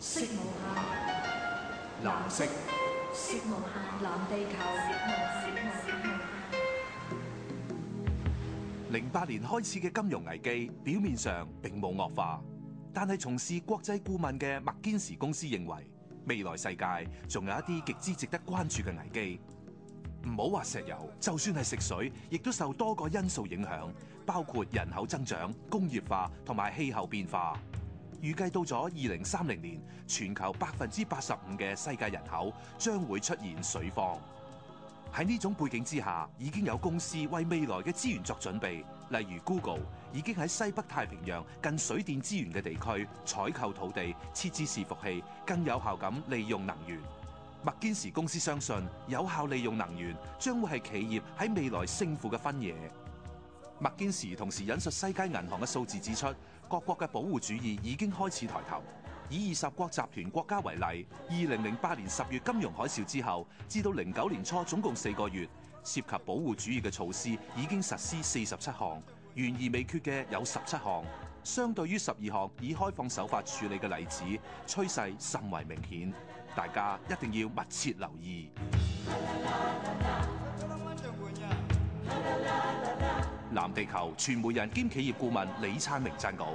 色無限藍色，色無限藍地球。零八年開始嘅金融危機表面上並冇惡化，但係從事國際顧問嘅麥堅時公司認為，未來世界仲有一啲極之值得關注嘅危機。唔好話石油，就算係食水，亦都受多個因素影響，包括人口增長、工業化同埋氣候變化。預計到咗二零三零年，全球百分之八十五嘅世界人口將會出現水荒。喺呢種背景之下，已經有公司為未來嘅資源作準備，例如 Google 已經喺西北太平洋近水電資源嘅地區採購土地，設置伺服器，更有效咁利用能源。麥堅時公司相信，有效利用能源將會係企業喺未來勝負嘅分野。麥堅時同時引述世界銀行嘅數字指出，各國嘅保護主義已經開始抬頭。以二十國集團國家為例，二零零八年十月金融海嘯之後，至到零九年初，總共四個月，涉及保護主義嘅措施已經實施四十七項，懸而未決嘅有十七項。相對於十二項以開放手法處理嘅例子，趨勢甚為明顯。大家一定要密切留意。藍地球傳媒人兼企業顧問李燦榮撰稿。